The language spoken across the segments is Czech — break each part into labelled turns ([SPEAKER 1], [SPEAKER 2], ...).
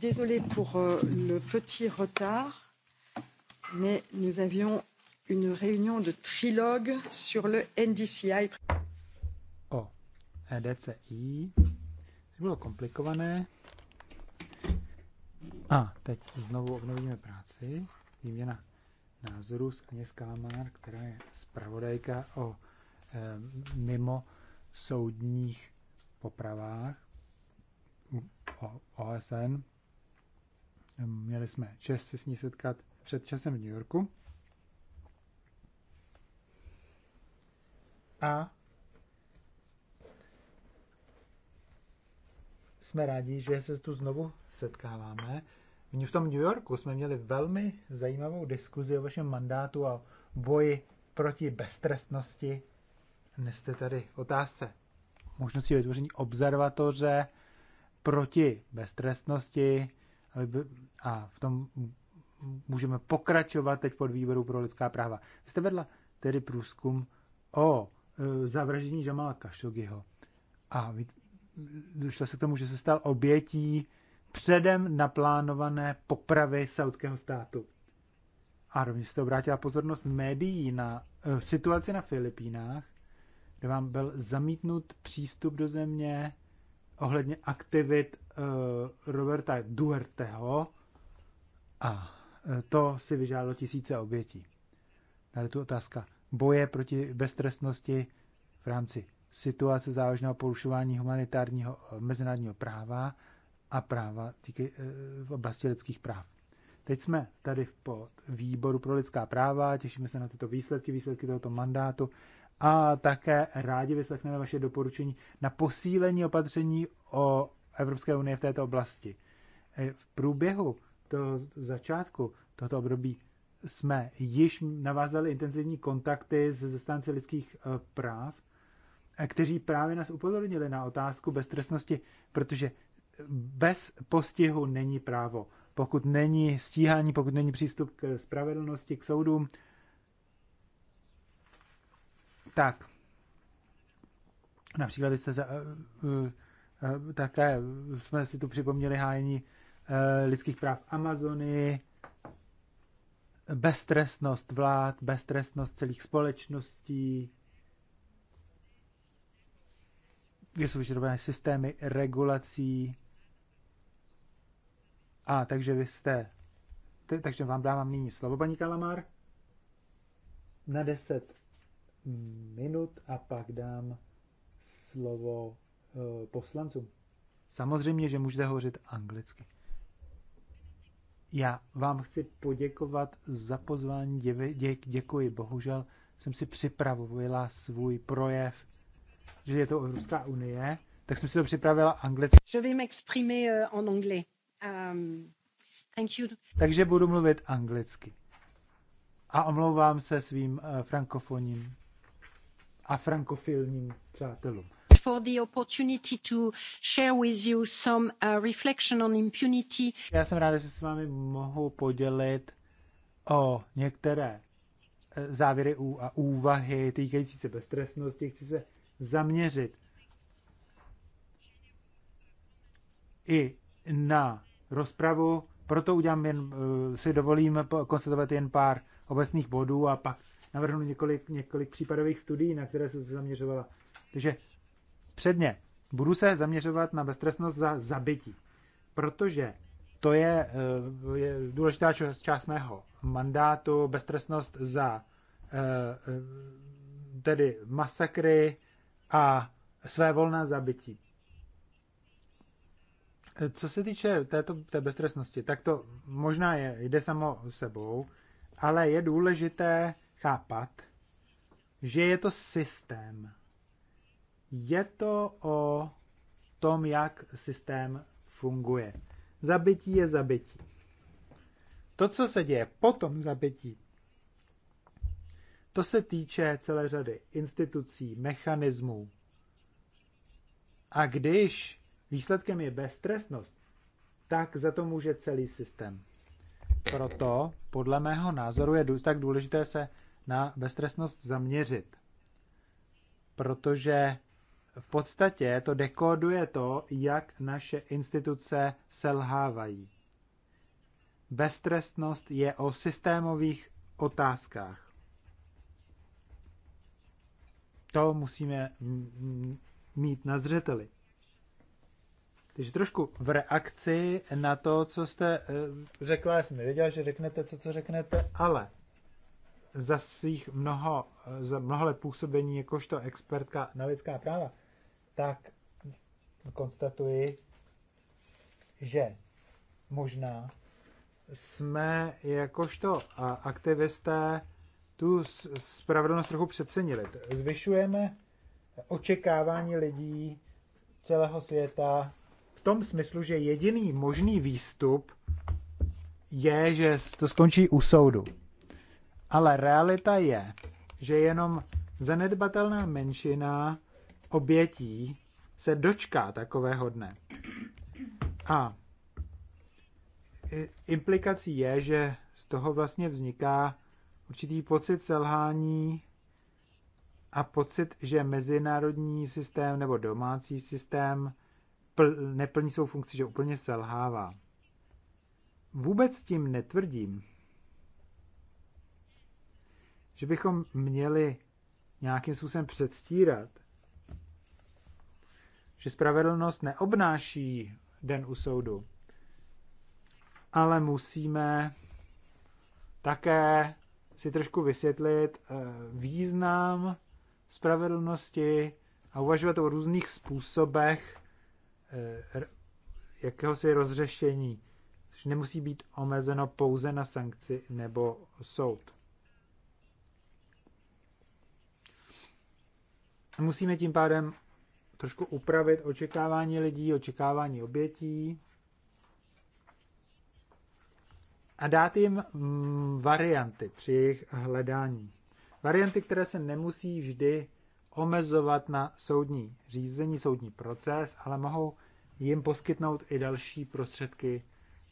[SPEAKER 1] Désolée pour euh, le petit retard,
[SPEAKER 2] mais nous avions une réunion de trilogue sur le NDCI. O EDCI bylo komplikované. A teď znovu obnovíme práci. Výměna názoru s Aně Kalamár, která je zpravodajka o e, mimo soudních popravách o OSN Měli jsme čest se s ní setkat před časem v New Yorku. A jsme rádi, že se tu znovu setkáváme. V tom New Yorku jsme měli velmi zajímavou diskuzi o vašem mandátu a boji proti beztrestnosti. Dnes jste tady v otázce možnosti vytvoření observatoře proti beztrestnosti a v tom můžeme pokračovat teď pod výboru pro lidská práva. jste vedla tedy průzkum o e, zavraždění Žamala Kašogiho a došlo se k tomu, že se stal obětí předem naplánované popravy saudského státu. A rovněž to obrátila pozornost médií na e, situaci na Filipínách, kde vám byl zamítnut přístup do země ohledně aktivit Eh, Roberta Duerteho a eh, to si vyžádalo tisíce obětí. Tady tu otázka boje proti beztrestnosti v rámci situace závažného porušování humanitárního eh, mezinárodního práva a práva týky, v oblasti lidských práv. Teď jsme tady po výboru pro lidská práva, těšíme se na tyto výsledky, výsledky tohoto mandátu a také rádi vyslechneme vaše doporučení na posílení opatření o Evropské unie v této oblasti. Eh, v průběhu toho začátku tohoto období jsme již navázali intenzivní kontakty se zastánci lidských eh, práv, eh, kteří právě nás upozornili na otázku beztrestnosti, protože bez postihu není právo. Pokud není stíhání, pokud není přístup k spravedlnosti, k soudům, tak například jste za, uh, uh, Eh, také jsme si tu připomněli hájení eh, lidských práv Amazony, beztrestnost vlád, beztrestnost celých společností, kde jsou vyžadované systémy regulací. A takže vy jste, takže vám dávám nyní slovo, paní Kalamar, na 10 minut a pak dám slovo Eh, poslancům. Samozřejmě, že můžete hovořit anglicky. Já vám chci poděkovat za pozvání, děkuji. Bohužel jsem si připravovala svůj projev, že je to Evropská unie, tak jsem si to připravila anglicky. Je vais
[SPEAKER 1] m'exprimer eh, en anglais. Um, thank you.
[SPEAKER 2] Takže budu mluvit anglicky. A omlouvám se svým eh, frankofonním a frankofilním přátelům
[SPEAKER 3] for the opportunity to share with you some uh, reflection on impunity.
[SPEAKER 2] Já jsem ráda, že s vámi mohu podělit o některé eh, závěry a úvahy týkající se beztresnosti. Chci se zaměřit i na rozpravu, proto udělám jen, eh, si dovolím konstatovat jen pár obecných bodů a pak navrhnu několik, několik případových studií, na které jsem se zaměřovala. Takže Předně budu se zaměřovat na beztrestnost za zabití, protože to je, eh, je důležitá část, mého mandátu, beztrestnost za eh, eh, tedy masakry a své volné zabití. Co se týče této, té beztrestnosti, tak to možná je, jde samo sebou, ale je důležité chápat, že je to systém, je to o tom, jak systém funguje. Zabití je zabití. To, co se děje po tom zabití, to se týče celé řady institucí, mechanismů. A když výsledkem je beztrestnost, tak za to může celý systém. Proto, podle mého názoru, je tak důležité se na beztrestnost zaměřit. Protože v podstatě to dekoduje to, jak naše instituce selhávají. Beztrestnost je o systémových otázkách. To musíme mít na zřeteli. Takže trošku v reakci na to, co jste e, řekla, já jsem nevěděl, že řeknete to, co řeknete, ale za svých mnoho, e, za mnoho let působení jakožto expertka na lidská práva, tak konstatuji, že možná jsme jakožto aktivisté tu spravedlnost trochu přecenili. Zvyšujeme očekávání lidí celého světa v tom smyslu, že jediný možný výstup je, že to skončí u soudu. Ale realita je, že jenom zanedbatelná menšina obětí se dočká takového dne. A implikací je, že z toho vlastně vzniká určitý pocit selhání a pocit, že mezinárodní systém nebo domácí systém pl- neplní svou funkci, že úplně selhává. Vůbec tím netvrdím, že bychom měli nějakým způsobem předstírat, že spravedlnost neobnáší den u soudu, ale musíme také si trošku vysvětlit eh, význam spravedlnosti a uvažovat o různých způsobech eh, jakéhosi rozřešení, což nemusí být omezeno pouze na sankci nebo soud. Musíme tím pádem trošku upravit očekávání lidí, očekávání obětí a dát jim mm, varianty při jejich hledání. Varianty, které se nemusí vždy omezovat na soudní řízení, soudní proces, ale mohou jim poskytnout i další prostředky,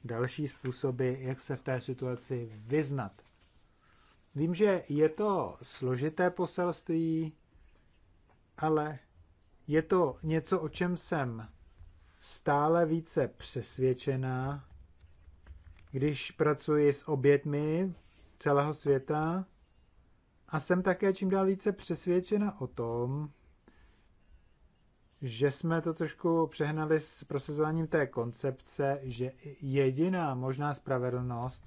[SPEAKER 2] další způsoby, jak se v té situaci vyznat. Vím, že je to složité poselství, ale je to něco, o čem jsem stále více přesvědčená, když pracuji s obětmi celého světa a jsem také čím dál více přesvědčena o tom, že jsme to trošku přehnali s prosazováním té koncepce, že jediná možná spravedlnost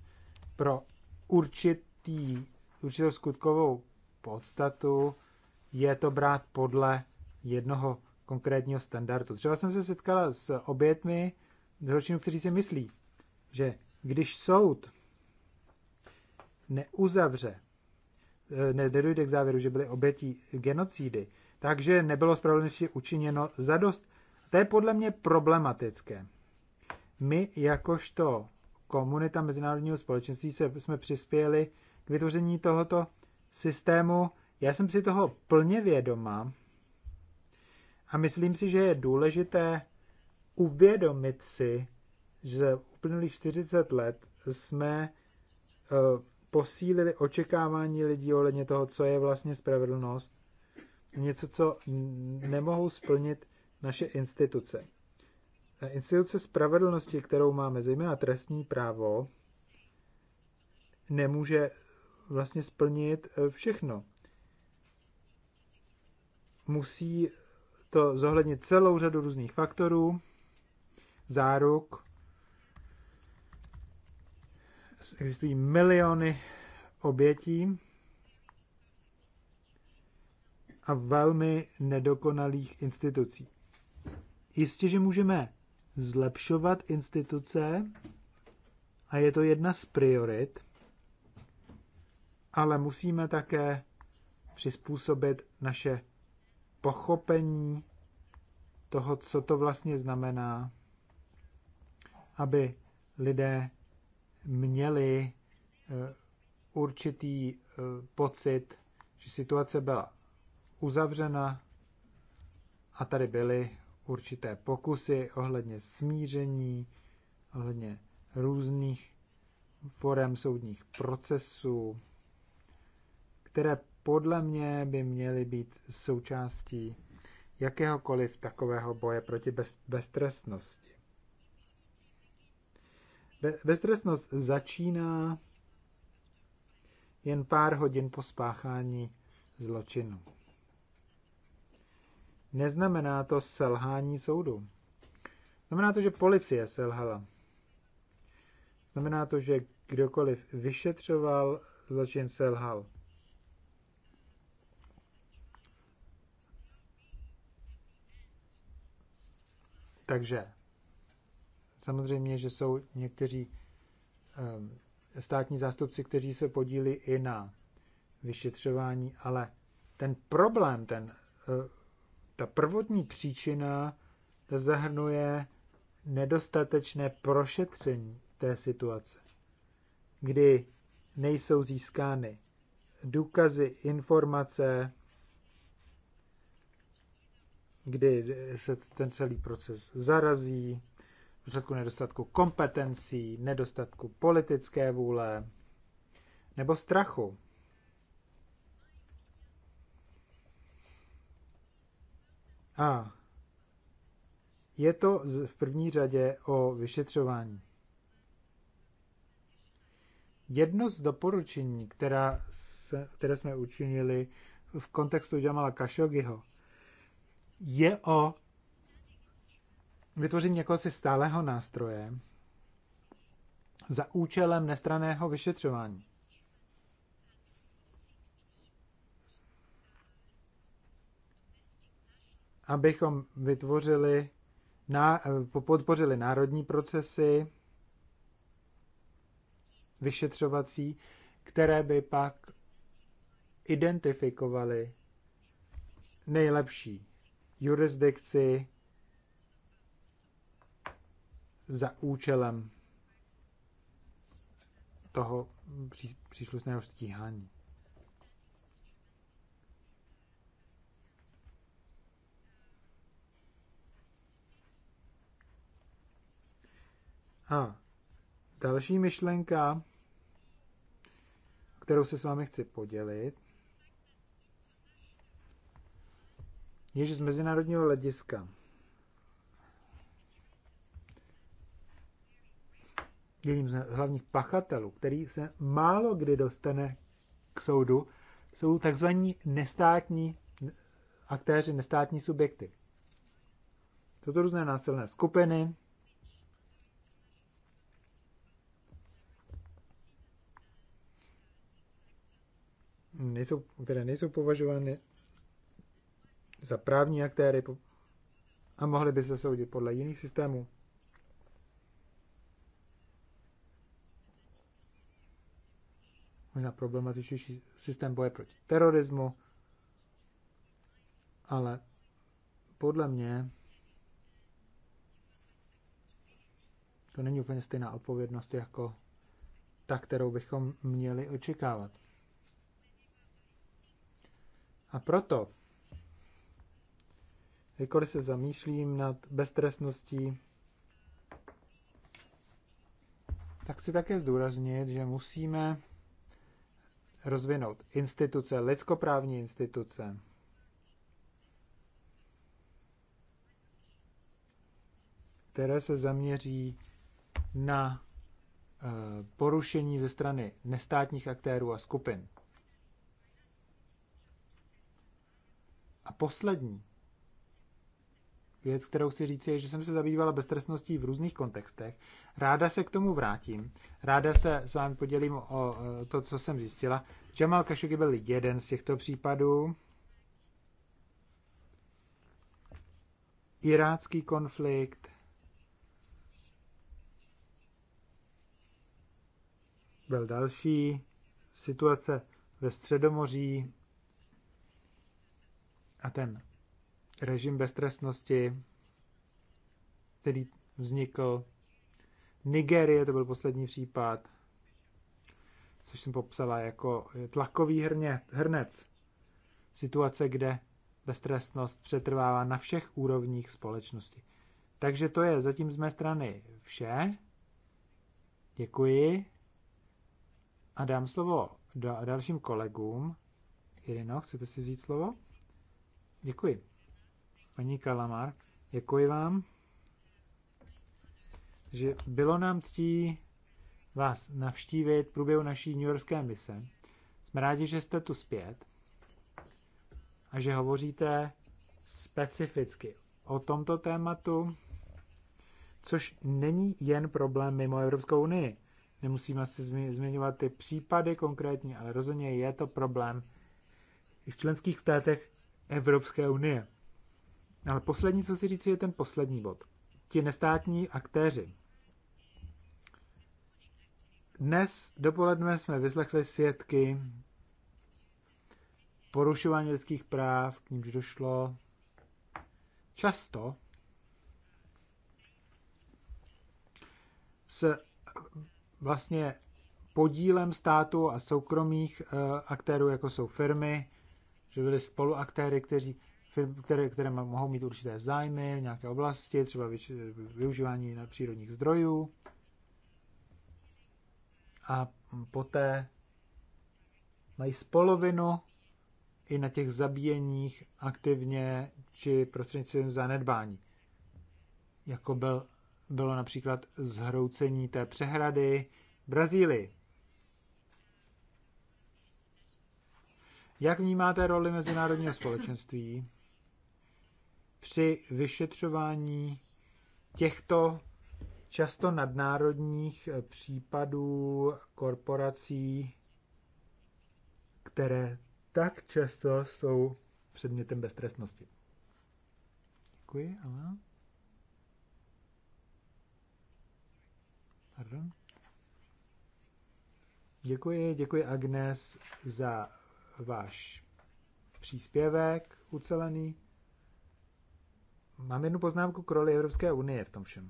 [SPEAKER 2] pro určitý, určitou skutkovou podstatu je to brát podle jednoho konkrétního standardu. Třeba jsem se setkala s obětmi zločinů, kteří si myslí, že když soud neuzavře, eh, ne, nedojde k závěru, že byly obětí genocídy, takže nebylo spravedlnosti učiněno zadost. To je podle mě problematické. My jakožto komunita mezinárodního společenství se, jsme přispěli k vytvoření tohoto systému. Já jsem si toho plně vědomá, a myslím si, že je důležité uvědomit si, že uplynulých 40 let jsme eh, posílili očekávání lidí ohledně toho, co je vlastně spravedlnost, něco, co nemohou splnit naše instituce. Eh, instituce spravedlnosti, kterou máme, zejména trestní právo, nemůže vlastně splnit eh, všechno. Musí to zohlednit celou řadu různých faktorů, záruk. Existují miliony obětí a velmi nedokonalých institucí. Jistě, že můžeme zlepšovat instituce a je to jedna z priorit, ale musíme také přizpůsobit naše pochopení toho, co to vlastně znamená, aby lidé měli eh, určitý eh, pocit, že situace byla uzavřena a tady byly určité pokusy ohledně smíření, ohledně různých forem soudních procesů, které podle mě by měly být součástí jakéhokoliv takového boje proti bez, beztrestnosti. Be, beztrestnost začíná jen pár hodin po spáchání zločinu. Neznamená to selhání soudu. Znamená to, že policie selhala. Znamená to, že kdokoliv vyšetřoval zločin, selhal. Takže samozřejmě, že jsou někteří ehm, státní zástupci, kteří se podílí i na vyšetřování, ale ten problém, ten, e, ta prvotní příčina ta zahrnuje nedostatečné prošetření té situace, kdy nejsou získány důkazy, informace, kdy se ten celý proces zarazí, v důsledku nedostatku kompetencí, nedostatku politické vůle nebo strachu. A je to v první řadě o vyšetřování. Jedno z doporučení, která, které jsme učinili v kontextu Jamala Kašogiho, je o vytvoření si stálého nástroje za účelem nestraného vyšetřování. Abychom vytvořili, na, podpořili národní procesy vyšetřovací, které by pak identifikovaly nejlepší jurisdikci za účelem toho příslušného stíhání. A další myšlenka, kterou se s vámi chci podělit, Jež z mezinárodního hlediska jedním z hlavních pachatelů, který se málo kdy dostane k soudu, jsou takzvaní nestátní aktéři, nestátní subjekty. Jsou to různé násilné skupiny, nejsou, které nejsou považovány za právní aktéry a mohli by se soudit podle jiných systémů. Možná problematičnější systém boje proti terorismu, ale podle mě to není úplně stejná odpovědnost jako ta, kterou bychom měli očekávat. A proto jakkoliv se zamýšlím nad beztrestností, tak chci také zdůraznit, že musíme rozvinout instituce, lidskoprávní instituce, které se zaměří na eh, porušení ze strany nestátních aktérů a skupin. A poslední věc, kterou chci říct, je, že jsem se zabývala beztrestností v různých kontextech. Ráda se k tomu vrátím. Ráda se s vámi podělím o to, co jsem zjistila. Jamal Khashoggi byl jeden z těchto případů. Irácký konflikt, byl další, situace ve Středomoří a ten režim beztrestnosti, který vznikl. Nigerie, to byl poslední případ, což jsem popsala jako tlakový hrně, hrnec. Situace, kde beztrestnost přetrvává na všech úrovních společnosti. Takže to je zatím z mé strany vše. Děkuji. A dám slovo dalším kolegům. Irino, chcete si vzít slovo? Děkuji. Paní Kalamar, děkuji vám, že bylo nám ctí vás navštívit v průběhu naší New Yorkské mise. Jsme rádi, že jste tu zpět a že hovoříte specificky o tomto tématu, což není jen problém mimo Evropskou unii. Nemusíme si zmiňovat ty případy konkrétně, ale rozhodně je to problém i v členských státech Evropské unie. Ale poslední, co si říci, je ten poslední bod. Ti nestátní aktéři. Dnes dopoledne jsme vyslechli svědky porušování lidských práv, k nímž došlo často s vlastně podílem státu a soukromých eh, aktérů, jako jsou firmy, že byli spoluaktéry, kteří firm, které, které mohou mít určité zájmy v nějaké oblasti, třeba využívání na přírodních zdrojů. A poté mají spolovinu i na těch zabíjeních aktivně či prostřednictvím zanedbání. Jako byl, bylo například zhroucení té přehrady v Brazílii. Jak vnímáte roli mezinárodního společenství? při vyšetřování těchto často nadnárodních eh, případů korporací, které tak často jsou předmětem beztrestnosti. Děkuji, ale... Pardon. Děkuji, děkuji Agnes za váš příspěvek ucelený. Mám jednu poznámku k roli Evropské unie v tom všem.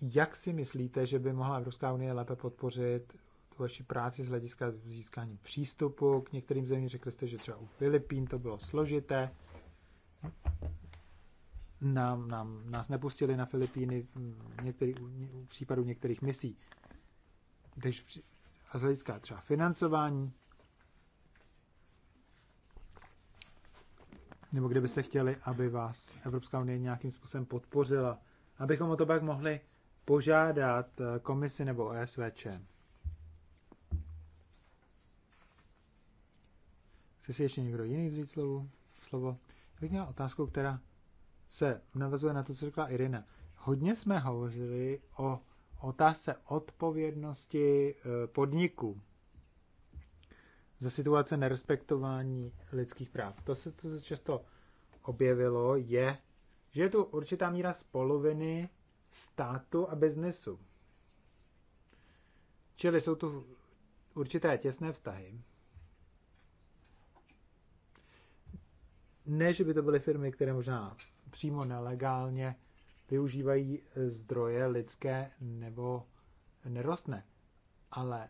[SPEAKER 2] Jak si myslíte, že by mohla Evropská unie lépe podpořit tu vaši práci z hlediska získání přístupu k některým zemím? Řekli jste, že třeba u Filipín to bylo složité. Nám, nám, nás nepustili na Filipíny v, některý, v případu některých misí. Když, a z hlediska třeba financování, nebo kde byste chtěli, aby vás Evropská unie nějakým způsobem podpořila, abychom o to pak mohli požádat eh, komisi nebo OSVČ. Chce si ještě někdo jiný vzít slovo? slovo? Já bych měla otázku, která se navazuje na to, co řekla Irina. Hodně jsme hovořili o otázce odpovědnosti eh, podniků za situace nerespektování lidských práv. To, se, co se často objevilo, je, že je tu určitá míra spoloviny státu a biznesu. Čili jsou tu určité těsné vztahy. Ne, že by to byly firmy, které možná přímo nelegálně využívají eh, zdroje lidské nebo nerostné, ale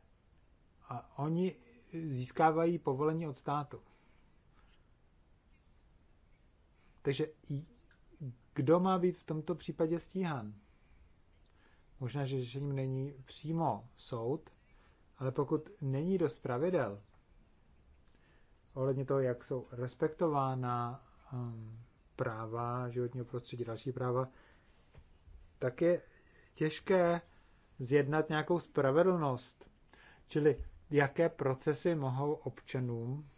[SPEAKER 2] a oni získávají povolení od státu. Takže kdo má být v tomto případě stíhan? Možná, že řešením není přímo soud, ale pokud není dost pravidel ohledně toho, jak jsou respektována um, práva životního prostředí, další práva, tak je těžké zjednat nějakou spravedlnost. Čili jaké procesy mohou občanům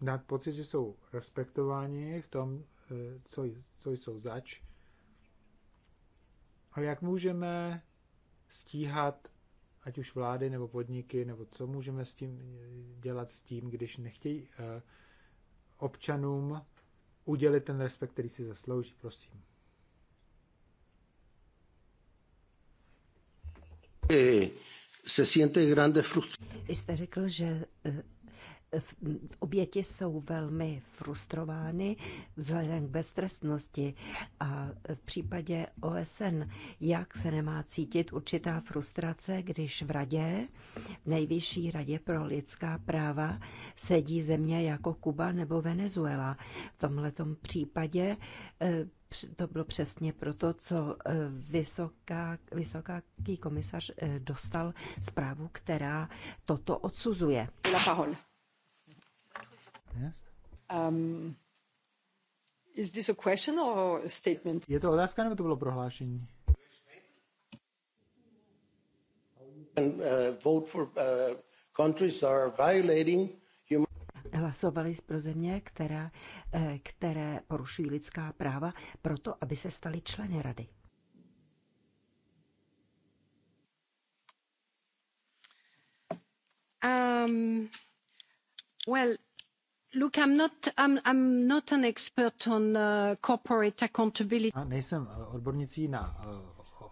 [SPEAKER 2] dát pocit, že jsou respektováni v tom, eh, co, co jsou zač. A jak můžeme stíhat ať už vlády nebo podniky, nebo co můžeme s tím eh, dělat s tím, když nechtějí eh, občanům udělit ten respekt, který si zaslouží, prosím. se siente grandes frustraciones.
[SPEAKER 1] řekl, že eh, oběti jsou velmi frustrovány vzhledem k beztrestnosti a v případě OSN, jak se nemá cítit určitá frustrace, když v radě, v nejvyšší radě pro lidská práva, sedí země jako Kuba nebo Venezuela. V tomto případě eh, to bylo přesně proto, co eh, vysoká, vysoká komisař eh, dostal zprávu, která toto odsuzuje. La parole.
[SPEAKER 2] Yes? Um, is this a question or a statement? Je to otázka nebo to bylo prohlášení?
[SPEAKER 3] And, uh, vote for, uh, countries are violating human...
[SPEAKER 1] Hlasovali pro země, která, eh, které porušují lidská práva, proto, aby se stali členy rady.
[SPEAKER 3] Um,
[SPEAKER 2] well, Look, I'm not, I'm, I'm not an expert on uh, corporate accountability. A nejsem uh, odbornicí na uh,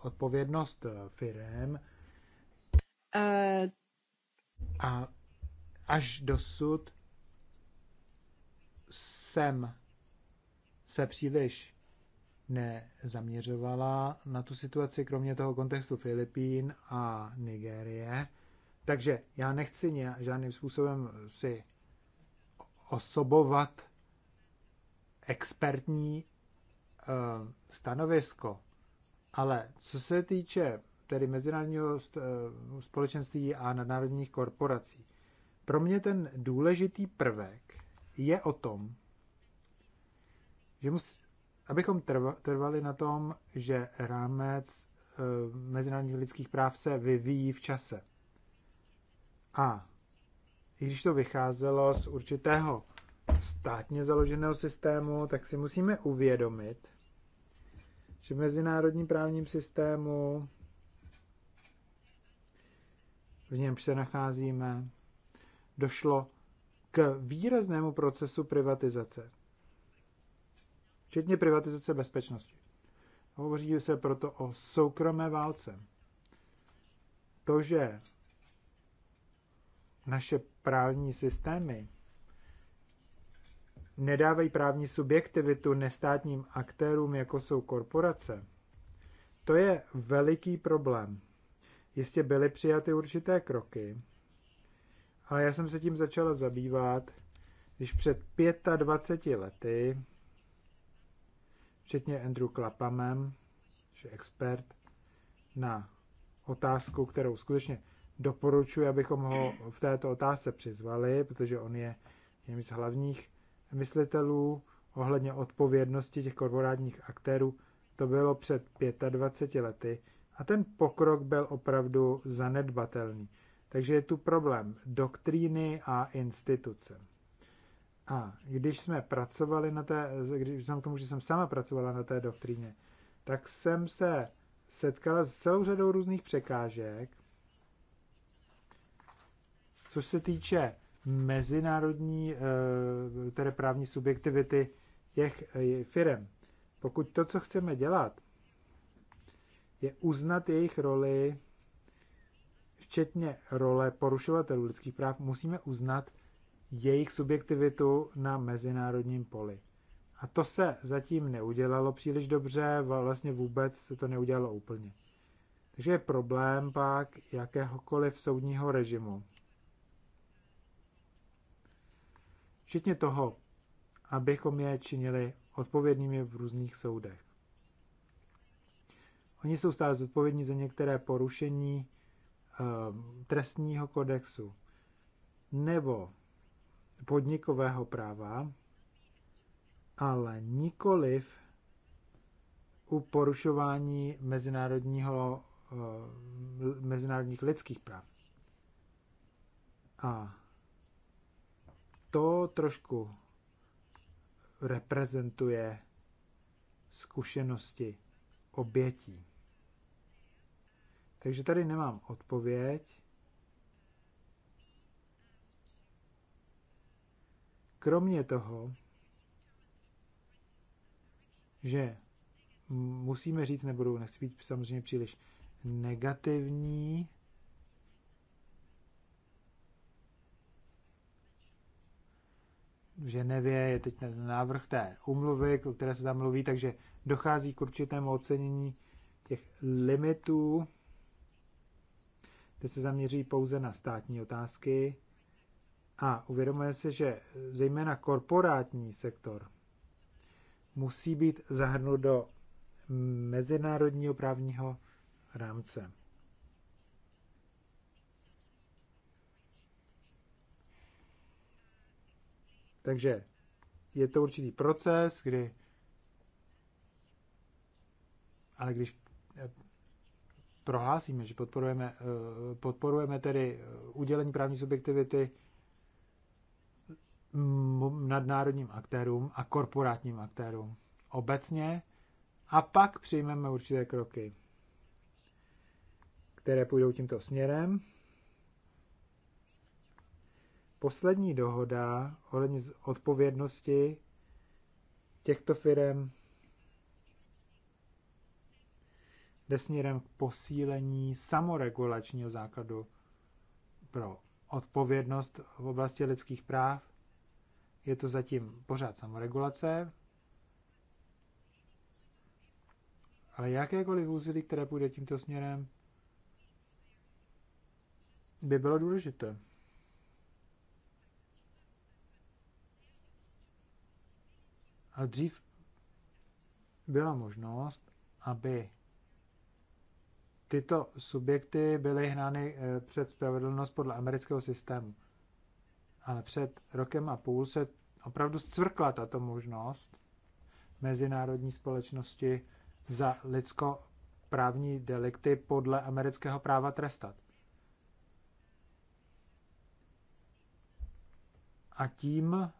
[SPEAKER 2] odpovědnost firm. Uh, a až dosud jsem se příliš nezaměřovala na tu situaci, kromě toho kontextu Filipín a Nigérie. Takže já nechci nějak, žádným způsobem si osobovat expertní eh, stanovisko. Ale co se týče tedy mezinárodního eh, společenství a nadnárodních korporací, pro mě ten důležitý prvek je o tom, že mus, abychom trvali na tom, že rámec eh, mezinárodních lidských práv se vyvíjí v čase. A i když to vycházelo z určitého státně založeného systému, tak si musíme uvědomit, že v mezinárodním právním systému, v němž se nacházíme, došlo k výraznému procesu privatizace, včetně privatizace bezpečnosti. Hovoří se proto o soukromé válce. To, že naše právní systémy nedávají právní subjektivitu nestátním aktérům, jako jsou korporace, to je veliký problém. Jistě byly přijaty určité kroky, ale já jsem se tím začala zabývat, když před 25 lety, včetně Andrew Klapamem, že expert na otázku, kterou skutečně doporučuji, abychom ho v této otázce přizvali, protože on je jedním z hlavních myslitelů ohledně odpovědnosti těch korporátních aktérů. To bylo před 25 lety a ten pokrok byl opravdu zanedbatelný. Takže je tu problém doktríny a instituce. A když jsme pracovali na té, když jsem k tomu, že jsem sama pracovala na té doktríně, tak jsem se setkala s celou řadou různých překážek, co se týče mezinárodní eh, tedy právní subjektivity těch eh, firm, pokud to, co chceme dělat, je uznat jejich roli, včetně role porušovatelů lidských práv, musíme uznat jejich subjektivitu na mezinárodním poli. A to se zatím neudělalo příliš dobře, vlastně vůbec se to neudělalo úplně. Takže je problém pak jakéhokoliv soudního režimu, včetně toho, abychom je činili odpovědnými v různých soudech. Oni jsou stále zodpovědní za některé porušení ehm, trestního kodexu nebo podnikového práva, ale nikoliv u porušování mezinárodního, ehm, mezinárodních lidských práv. A to trošku reprezentuje zkušenosti obětí. Takže tady nemám odpověď. Kromě toho, že musíme říct, nebudu, nechci být samozřejmě příliš negativní, v Ženevě je teď ten návrh té umluvy, o které se tam mluví, takže dochází k určitému ocenění těch limitů, kde se zaměří pouze na státní otázky a uvědomuje se, že zejména korporátní sektor musí být zahrnut do mezinárodního právního rámce. Takže je to určitý proces, kdy ale když eh, prohlásíme, že podporujeme, eh, podporujeme tedy eh, udělení právní subjektivity nadnárodním aktérům a korporátním aktérům obecně a pak přijmeme určité kroky, které půjdou tímto směrem poslední dohoda ohledně odpovědnosti těchto firm jde směrem k posílení samoregulačního základu pro odpovědnost v oblasti lidských práv. Je to zatím pořád samoregulace, ale jakékoliv úsilí, které půjde tímto směrem, by bylo důležité. Ale dřív byla možnost, aby tyto subjekty byly hnány eh, před spravedlnost podle amerického systému. Ale před rokem a půl se opravdu zcvrkla tato možnost mezinárodní společnosti za lidskoprávní delikty podle amerického práva trestat. A tím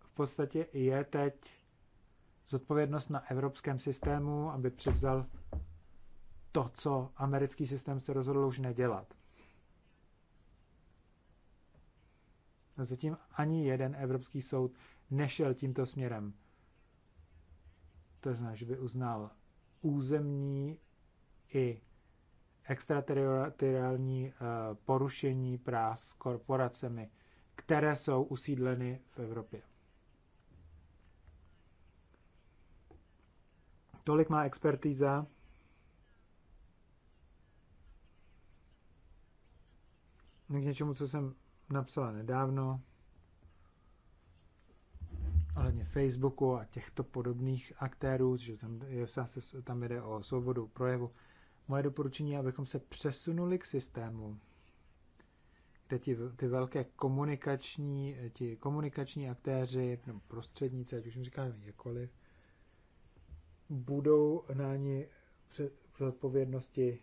[SPEAKER 2] v podstatě je teď zodpovědnost na evropském systému, aby převzal to, co americký systém se rozhodl už nedělat. A zatím ani jeden evropský soud nešel tímto směrem. To znamená, že by uznal územní i extrateritoriální eh, porušení práv korporacemi, které jsou usídleny v Evropě. Tolik má expertíza. K něčemu, co jsem napsala nedávno ohledně Facebooku a těchto podobných aktérů, že tam, je, se, tam jde o svobodu projevu. Moje doporučení je, abychom se přesunuli k systému, kde ti, ty velké komunikační, ti komunikační aktéři, prostředníci, ať už jim říkáme jakoliv, budou náni k odpovědnosti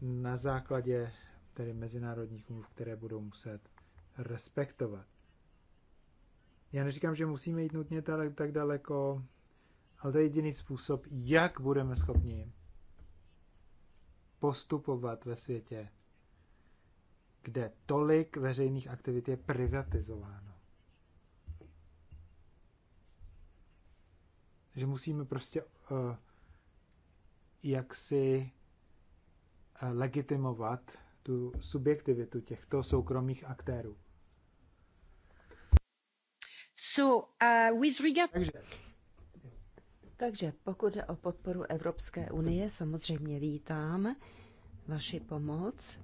[SPEAKER 2] na základě tedy mezinárodních umluv, které budou muset respektovat. Já neříkám, že musíme jít nutně tak daleko, ale to je jediný způsob, jak budeme schopni postupovat ve světě, kde tolik veřejných aktivit je privatizováno. že musíme prostě uh, jaksi uh, legitimovat tu subjektivitu těchto soukromých aktérů.
[SPEAKER 1] So, uh, with regard... takže, takže pokud je o podporu Evropské unie, samozřejmě vítám vaši pomoc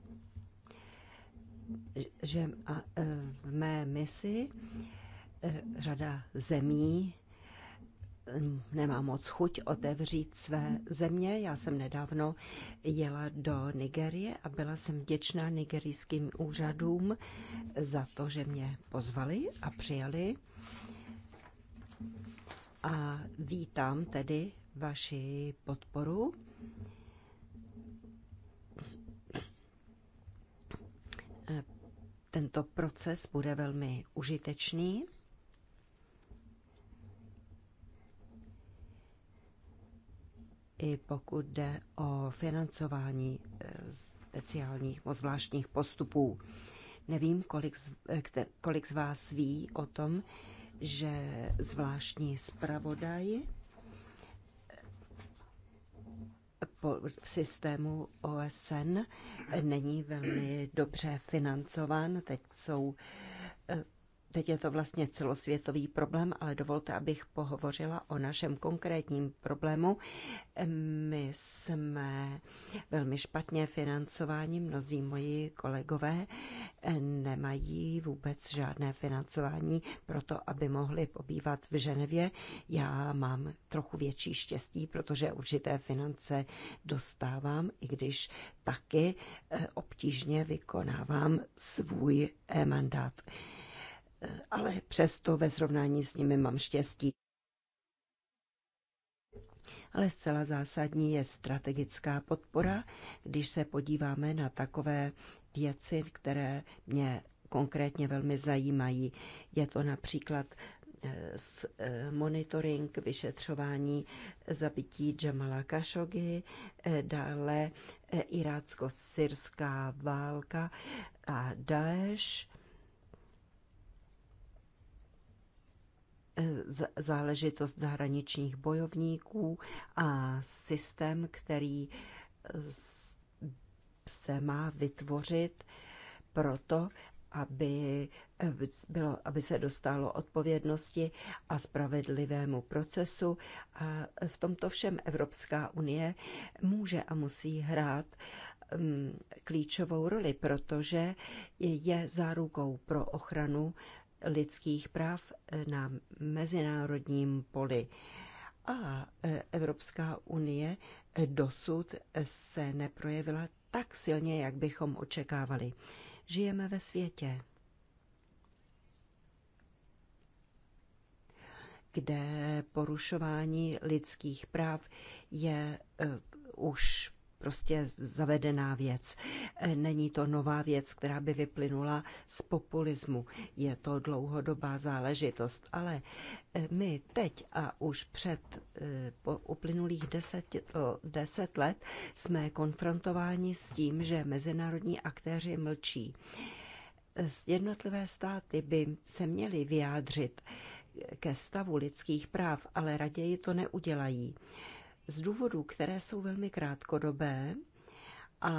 [SPEAKER 1] že v mé misi řada zemí nemá moc chuť otevřít své země. Já jsem nedávno jela do Nigerie a byla jsem vděčná nigerijským úřadům za to, že mě pozvali a přijali. A vítám tedy vaši podporu. Tento proces bude velmi užitečný. i pokud jde o financování eh, speciálních o zvláštních postupů. Nevím, kolik z, eh, kolik z vás ví o tom, že zvláštní zpravodaj v eh, systému OSN není velmi dobře financován. Teď jsou Teď je to vlastně celosvětový problém, ale dovolte, abych pohovořila o našem konkrétním problému. My jsme velmi špatně financováni, mnozí moji kolegové nemají vůbec žádné financování pro to, aby mohli pobývat v Ženevě. Já mám trochu větší štěstí, protože určité finance dostávám, i když taky eh, obtížně vykonávám svůj eh, mandát ale přesto ve srovnání s nimi mám štěstí. Ale zcela zásadní je strategická podpora, když se podíváme na takové věci, které mě konkrétně velmi zajímají. Je to například eh, eh, monitoring vyšetřování zabití Jamala Khashoggi, eh, dále irácko-syrská válka a Daesh, záležitost zahraničních bojovníků a systém, který se má vytvořit proto, aby, eh, bylo, aby se dostalo odpovědnosti a spravedlivému procesu. A v tomto všem Evropská unie může a musí hrát mm, klíčovou roli, protože je zárukou pro ochranu lidských práv eh, na mezinárodním poli. A eh, Evropská unie eh, dosud se neprojevila tak silně, jak bychom očekávali. Žijeme ve světě, kde porušování lidských práv je už prostě zavedená věc. Eh, není to nová věc, která by vyplynula z populismu. Je to dlouhodobá záležitost, ale eh, my teď a už před eh, po uplynulých deset, deset let jsme konfrontováni s tím, že mezinárodní aktéři mlčí. Jednotlivé státy by se měly vyjádřit ke stavu lidských práv, ale raději to neudělají z důvodů, které jsou velmi krátkodobé a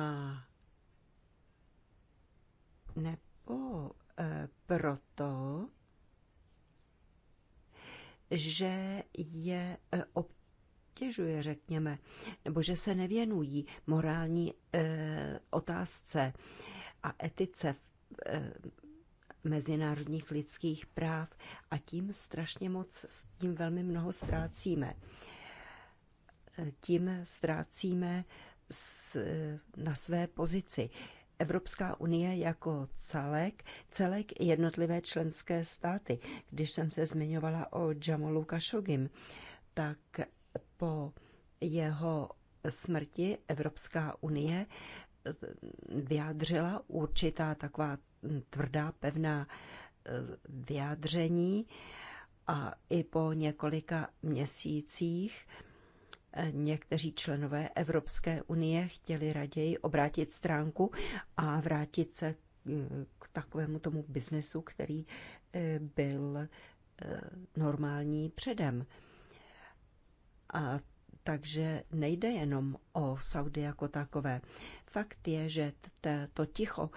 [SPEAKER 1] nebo eh, proto, že je eh, obtěžuje, řekněme, nebo že se nevěnují morální eh, otázce a etice mezinárodních lidských práv a tím strašně moc, s tím velmi mnoho ztrácíme tím ztrácíme na své pozici. Evropská unie jako celek, celek jednotlivé členské státy. Když jsem se zmiňovala o Jamalu Kašogim, tak po jeho smrti Evropská unie eh, vyjádřila určitá taková tvrdá, pevná eh, vyjádření a i po několika měsících Někteří členové Evropské unie chtěli raději obrátit stránku a vrátit se eh, k takovému tomu biznesu, který eh, byl eh, normální předem. A takže nejde jenom o Saudy jako takové. Fakt je, že to ticho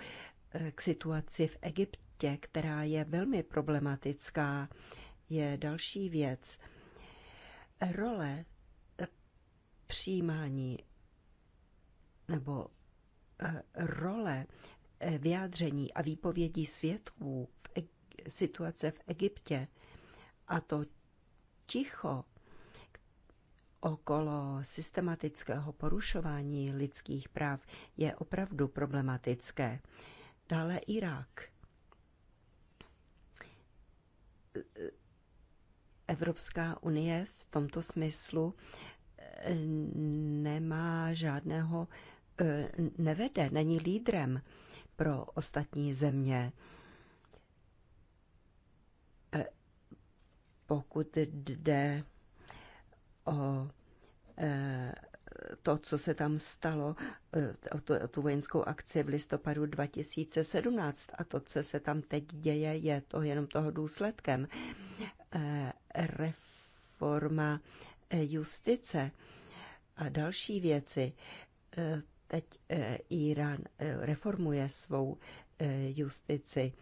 [SPEAKER 1] k situaci v Egyptě, která je velmi problematická, je další věc. Role přijímání nebo eh, role eh, vyjádření a výpovědí svědků v situace v Egyptě a to ticho okolo systematického porušování lidských práv je opravdu problematické. Dále Irák. Evropská unie v tomto smyslu nemá žádného, eh, nevede, není lídrem pro ostatní země. Eh, pokud jde o eh, to, co se tam stalo, o tu, o tu vojenskou akci v listopadu 2017 a to, co se tam teď děje, je to jenom toho důsledkem. Reforma justice a další věci. Eh, teď eh, Irán eh, reformuje svou justici,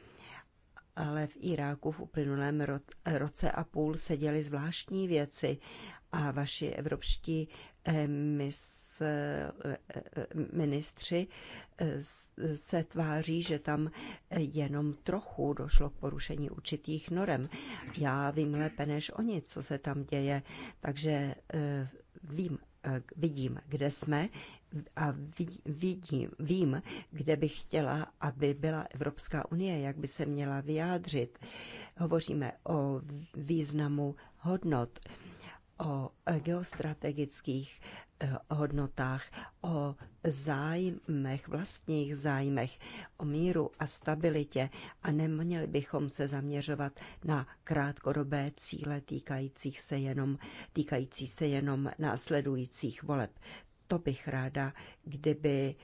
[SPEAKER 1] ale v Iráku v uplynulém roce a půl se děly zvláštní věci a vaši evropští eh, mis, eh, eh, ministři se tváří, že tam jenom trochu došlo k porušení určitých norem. Já vím lépe než oni, co se tam děje, takže vím, vidím, kde jsme a vidím, vím, kde bych chtěla, aby byla Evropská unie, jak by se měla vyjádřit. Hovoříme o významu hodnot o geostrategických e, hodnotách, o zájmech, vlastních zájmech, o míru a stabilitě a neměli bychom se zaměřovat na krátkodobé cíle týkajících se jenom, týkající se jenom následujících voleb. To bych ráda, kdyby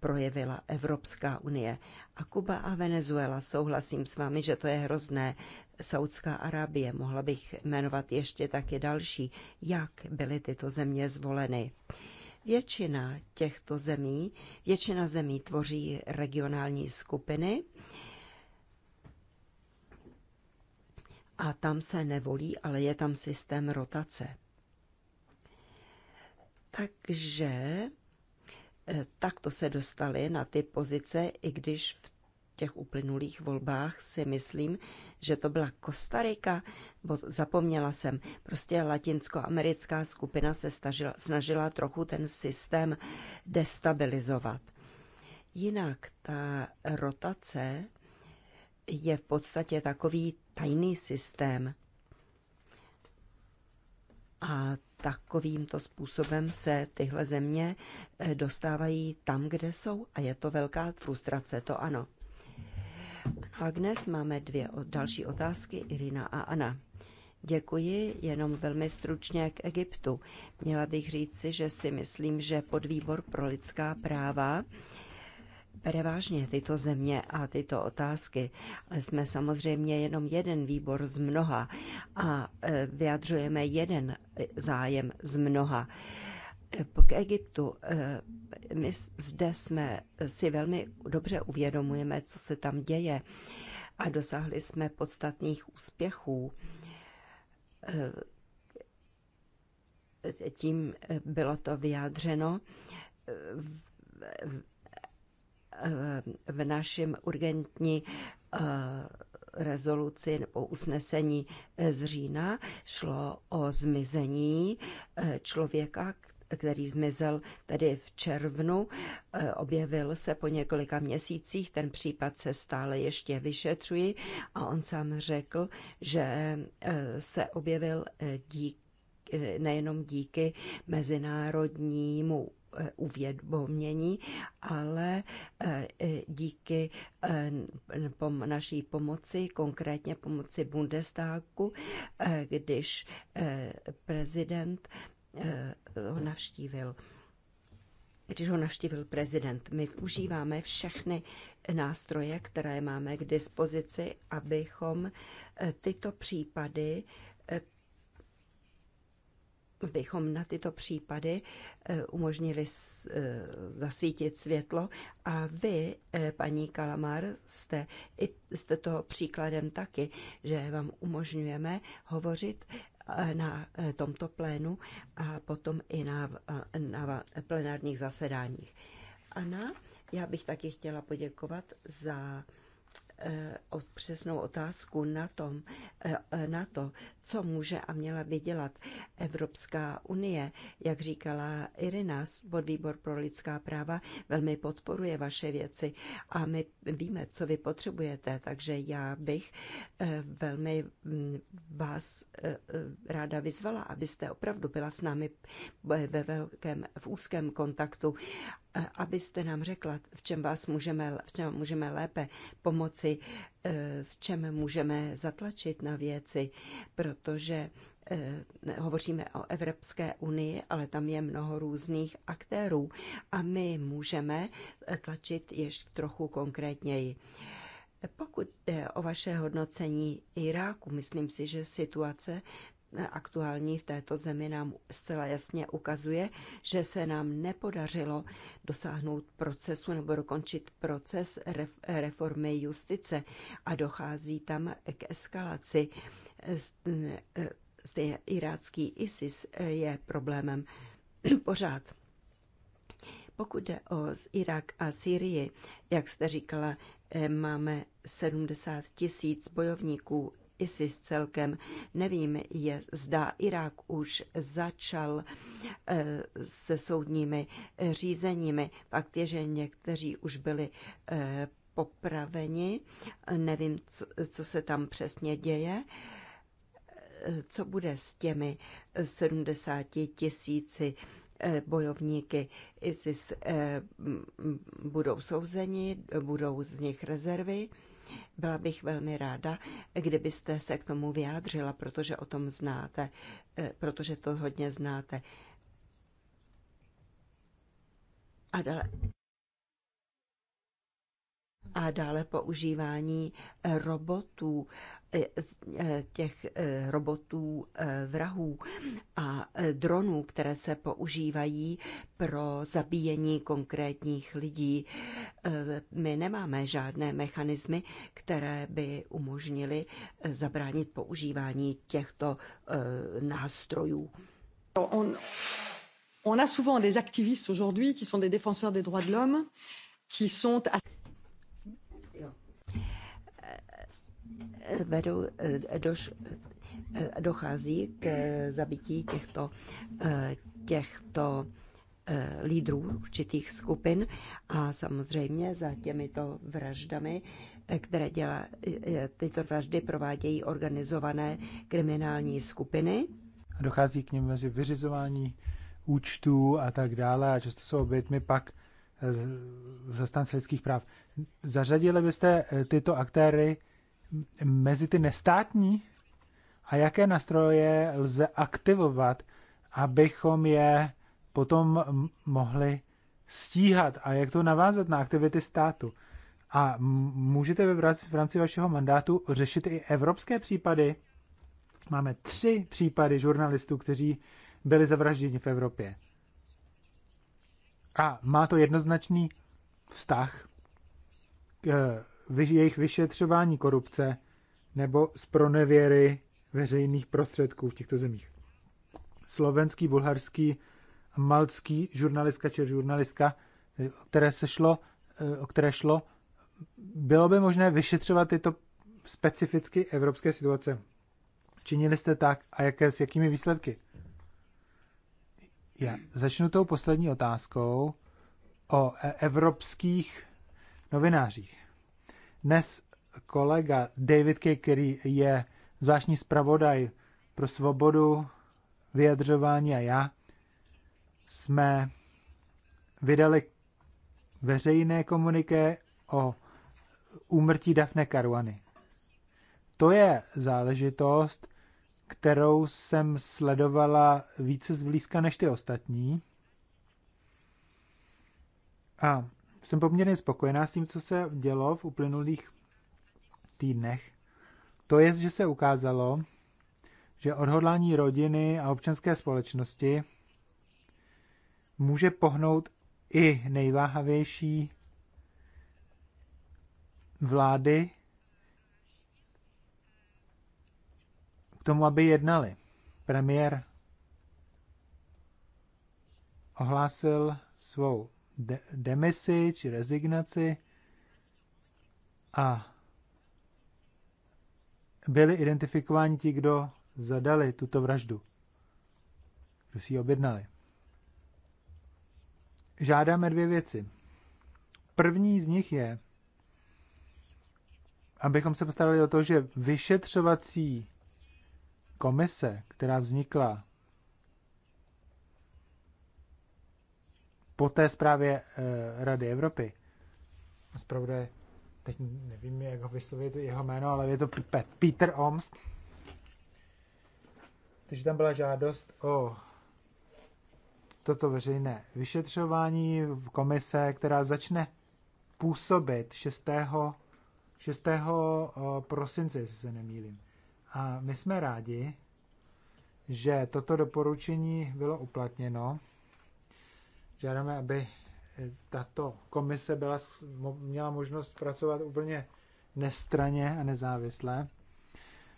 [SPEAKER 1] projevila Evropská unie. A Kuba a Venezuela, souhlasím s vámi, že to je hrozné. Saudská Arábie, mohla bych jmenovat ještě taky další, jak byly tyto země zvoleny. Většina těchto zemí, většina zemí tvoří regionální skupiny a tam se nevolí, ale je tam systém rotace. Takže eh, takto se dostali na ty pozice, i když v těch uplynulých volbách si myslím, že to byla Kostarika, bo zapomněla jsem, prostě latinskoamerická skupina se stažila, snažila trochu ten systém destabilizovat. Jinak ta rotace je v podstatě takový tajný systém. A takovýmto způsobem se tyhle země eh, dostávají tam, kde jsou. A je to velká frustrace, to ano. Agnes, dnes máme dvě další otázky, Irina a Ana. Děkuji, jenom velmi stručně k Egyptu. Měla bych říci, že si myslím, že podvýbor pro lidská práva bere vážně tyto země a tyto otázky, ale jsme samozřejmě jenom jeden výbor z mnoha a e, vyjadřujeme jeden e, zájem z mnoha k Egyptu. Eh, my zde jsme si velmi dobře uvědomujeme, co se tam děje a dosáhli jsme podstatných úspěchů. Eh, tím eh, bylo to vyjádřeno v našem urgentní rezoluci nebo usnesení z října šlo o zmizení člověka, který zmizel tedy v červnu, eh, objevil se po několika měsících, ten případ se stále ještě vyšetřuje a on sám řekl, že eh, se objevil eh, dík, nejenom díky mezinárodnímu uvědomění, ale díky naší pomoci, konkrétně pomoci Bundestagu, když prezident Eh, ho navštívil když ho navštívil prezident. My užíváme všechny nástroje, které máme k dispozici, abychom eh, tyto případy eh, bychom na tyto případy umožnili zasvítit světlo. A vy, paní Kalamar, jste, jste toho příkladem taky, že vám umožňujeme hovořit na eh, tomto plénu a potom i na, eh, na plenárních zasedáních. Ana, já bych taky chtěla poděkovat za Eh, přesnou otázku na, tom, eh, eh, na to, co může a měla by dělat Evropská unie. Jak říkala Irina, podvýbor pro lidská práva velmi podporuje vaše věci a my víme, co vy potřebujete, takže já bych velmi mm, vás ráda vyzvala, abyste opravdu byla s námi ve velkém, v úzkém kontaktu abyste nám řekla, v čem vás můžeme, v čem můžeme lépe pomoci, eh, v čem můžeme zatlačit na věci, protože eh, hovoříme o Evropské unii, ale tam je mnoho různých aktérů a my můžeme eh, tlačit ještě trochu konkrétněji. Pokud jde o vaše hodnocení Iráku, myslím si, že situace aktuální v této zemi nám zcela jasně ukazuje, že se nám nepodařilo dosáhnout procesu nebo dokončit proces reformy justice a dochází tam k eskalaci. Zde irácký ISIS je problémem pořád. Pokud jde o z Irák a Syrii, jak jste říkala, eh, máme 70 tisíc bojovníků ISIS celkem. Nevím, je, zda Irák už začal eh, se soudními eh, řízeními. Fakt je, že někteří už byli eh, popraveni. Nevím, co, co se tam přesně děje. Co bude s těmi 70 tisíci bojovníky ISIS budou souzeni, budou z nich rezervy. Byla bych velmi ráda, kdybyste se k tomu vyjádřila, protože o tom znáte, eh, protože to hodně znáte. A dále, a dále používání robotů E, e, těch e, robotů vrahů a dronů, které se používají pro zabíjení konkrétních lidí. My nemáme žádné mechanismy, které by umožnily zabránit používání těchto nástrojů. On, on a souvent des activistes aujourd'hui qui sont des défenseurs des droits de l'homme qui sont vedou, eh, doš, eh, dochází k eh, zabití těchto, těchto lídrů určitých skupin a samozřejmě za těmito vraždami, které dělá, tyto vraždy provádějí organizované kriminální skupiny.
[SPEAKER 2] A dochází k něm mezi vyřizování účtů a tak dále a často jsou obětmi pak zastánce lidských práv. Zařadili byste tyto aktéry mezi ty nestátní a jaké nástroje lze aktivovat, abychom je potom mohli stíhat a jak to navázat na aktivity státu. A můžete vybrat v rámci vašeho mandátu řešit i evropské případy. Máme tři případy žurnalistů, kteří byli zavražděni v Evropě. A má to jednoznačný vztah k jejich vyšetřování korupce nebo z pronevěry veřejných prostředků v těchto zemích. Slovenský, bulharský, maltský žurnalistka či žurnalistka, o které se šlo, eh, o které šlo, bylo by možné vyšetřovat tyto specificky evropské situace. Činili jste tak a jaké, s jakými výsledky? Já začnu tou poslední otázkou o e-, evropských novinářích. Dnes kolega David K., který je zvláštní zpravodaj pro svobodu vyjadřování a já, jsme vydali veřejné komuniké o úmrtí Dafne Karuany. To je záležitost, kterou jsem sledovala více zblízka než ty ostatní. A jsem poměrně spokojená s tím, co se dělo v uplynulých týdnech. To je, že se ukázalo, že odhodlání rodiny a občanské společnosti může pohnout i nejváhavější vlády k tomu, aby jednali. Premiér ohlásil svou de- demisi či rezignaci a byli identifikováni ti, kdo zadali tuto vraždu, kdo si ji objednali. Žádáme dvě věci. První z nich je, abychom se postarali o to, že vyšetřovací komise, která vznikla po té zprávě eh, Rady Evropy, zpravodaj, teď nevím, jak ho vyslovit jeho jméno, ale je to Peter Oms. Takže tam byla žádost o toto veřejné vyšetřování komise, která začne působit 6. 6. Eh, prosince, jestli se nemýlím. A my jsme rádi, že toto doporučení bylo uplatněno Žádáme, aby tato komise byla, měla možnost pracovat úplně nestraně a nezávisle.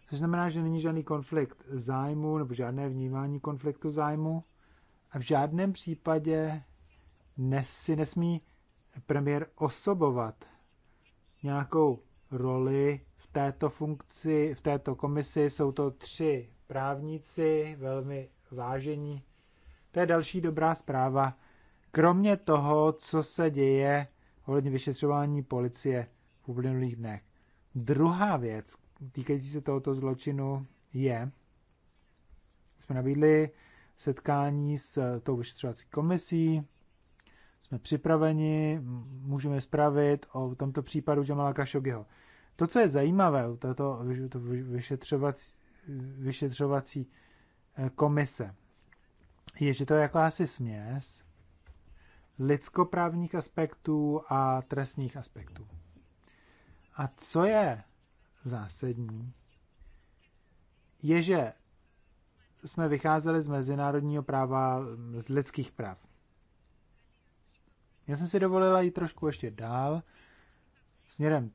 [SPEAKER 2] Což znamená, že není žádný konflikt zájmu nebo žádné vnímání konfliktu zájmu a v žádném případě si nesmí premiér osobovat nějakou roli v této funkci, v této komisi. Jsou to tři právníci, velmi vážení. To je další dobrá zpráva Kromě toho, co se děje ohledně vyšetřování policie v uplynulých dnech. Druhá věc týkající se tohoto zločinu je, jsme nabídli setkání s eh, tou vyšetřovací komisí, jsme připraveni, můžeme spravit o tomto případu Jamala Kašogiho. To, co je zajímavé u této vyšetřovací, vyšetřovací eh, komise, je, že to je jakási směs lidskoprávních aspektů a trestních aspektů. A co je zásadní, je, že jsme vycházeli z mezinárodního práva, z lidských práv. Já jsem si dovolila jít trošku ještě dál směrem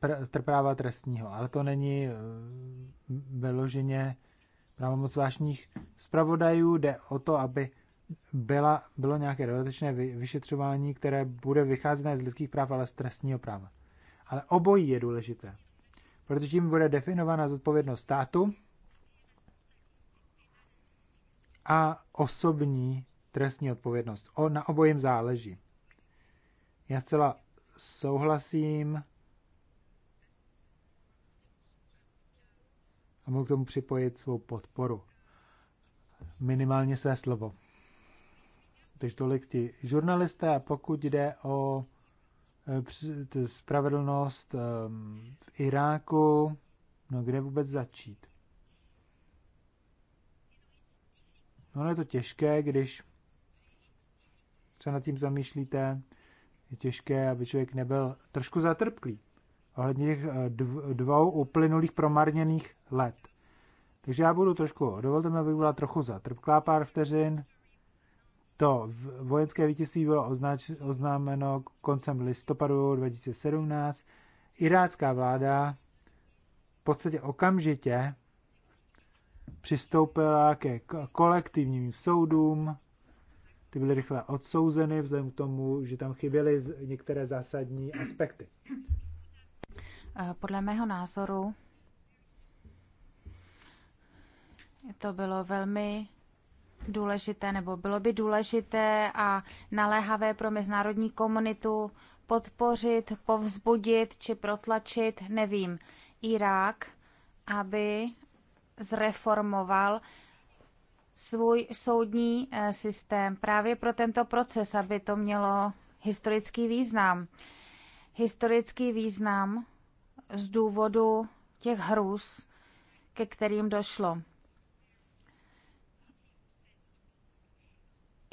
[SPEAKER 2] pr- práva trestního, ale to není eh, vyloženě pravomoc zvláštních zpravodajů. Jde o to, aby byla, bylo nějaké dodatečné vyšetřování, které bude vycházet z lidských práv, ale z trestního práva. Ale obojí je důležité, protože tím bude definována zodpovědnost státu a osobní trestní odpovědnost. O, na obojím záleží. Já zcela souhlasím a mohu k tomu připojit svou podporu. Minimálně své slovo. Takže tolik ti žurnalisté a pokud jde o eh, spravedlnost eh, v Iráku, no kde vůbec začít? No je to těžké, když se nad tím zamýšlíte, je těžké, aby člověk nebyl trošku zatrpklý ohledně těch eh, dvou uplynulých promarněných let. Takže já budu trošku, dovolte mi, abych byla trochu zatrpklá pár vteřin, to vojenské vítězství bylo označ, oznámeno koncem listopadu 2017. Irácká vláda v podstatě okamžitě přistoupila ke kolektivním soudům. Ty byly rychle odsouzeny vzhledem k tomu, že tam chyběly některé zásadní aspekty.
[SPEAKER 3] Podle mého názoru to bylo velmi důležité, nebo bylo by důležité a naléhavé pro mezinárodní komunitu podpořit, povzbudit či protlačit, nevím, Irák, aby zreformoval svůj soudní eh, systém právě pro tento proces, aby to mělo historický význam. Historický význam z důvodu těch hrůz, ke kterým došlo.